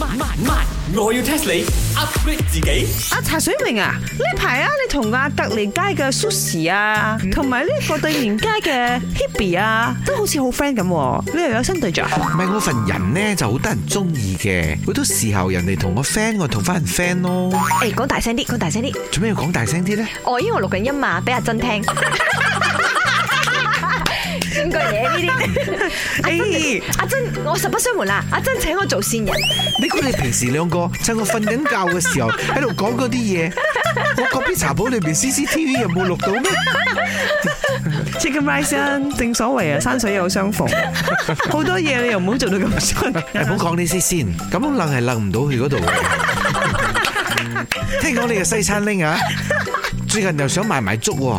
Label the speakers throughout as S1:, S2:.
S1: 我要 test 你 upgrade 自己。阿茶水明啊，呢排啊你同阿隔離街嘅 Susie 啊，同埋呢個對面街嘅 Hebe 啊，都好似好 friend 咁，你又有新對象？唔係我份人咧就好得人中意嘅，好多時候人哋同我 friend，我同翻人 friend 咯。誒，講大聲啲，講大聲啲。做咩要講大聲啲咧？我因為我錄緊音嘛，俾阿珍聽。嘅嘢呢啲，哎，阿珍，我實不相瞞啦，阿珍請我做線人。你估你平時兩個趁我瞓緊覺嘅時候喺度講嗰啲嘢，我嗰邊茶煲裏邊 CCTV 有冇錄到咩？Chicken rice 啊，正所謂啊，山水有相逢，好多嘢你又唔好做到咁衰，唔好講呢啲先。咁楞係楞唔到去嗰度。聽講你又西餐拎啊，最近又想買埋粥。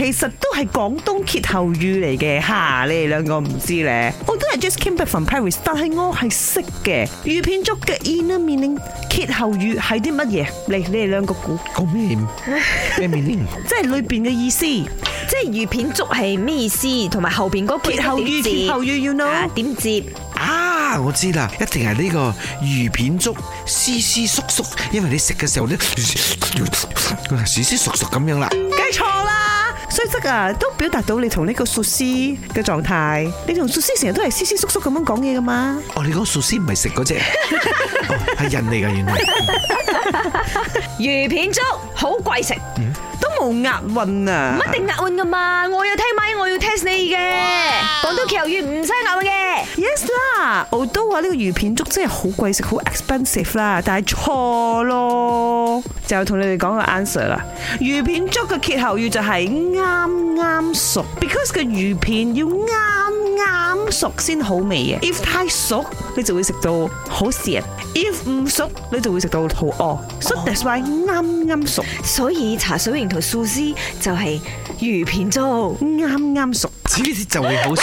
S1: 其實都係廣東歇後語嚟嘅嚇，你哋兩個唔知咧。我都係 just came back from Paris，但係我係識嘅。魚片粥嘅 inner meaning 歇後語係啲乜嘢？嚟，你哋兩個估估咩？咩 meaning？即係裏邊嘅意思，即係魚片粥係咩意思？同埋後邊嗰歇後語，歇後語，you know 點接？啊，我知啦，一定係呢個魚片粥絲絲叔叔，因為你食嘅時候咧，絲絲叔叔咁樣啦。計錯。雖則啊，都表達到你同呢個 Sushi 嘅狀態你和屍屍屍你。你同 Sushi 成日都係斯斯縮縮咁樣講嘢噶嘛？哦，你講 Sushi 唔係食嗰隻，係人嚟㗎原來。魚片粥好貴食，都冇押韻啊！唔一定押韻噶嘛，我又聽埋，我要 test 你嘅廣到橋語唔使押韻嘅。Yes 啦，我都話呢個魚片粥真係好貴食，好 expensive 啦，但係錯咯。就同你哋講個 answer 啦，魚片粥嘅歇後語就係啱啱熟，because 個魚片要啱啱熟先好味嘅。if 太熟，你就會食到好蝕；if 唔熟，你就會食到肚餓。So that's why 啱啱熟，所以茶水形同素司就係魚片粥啱啱熟，於是就會好食。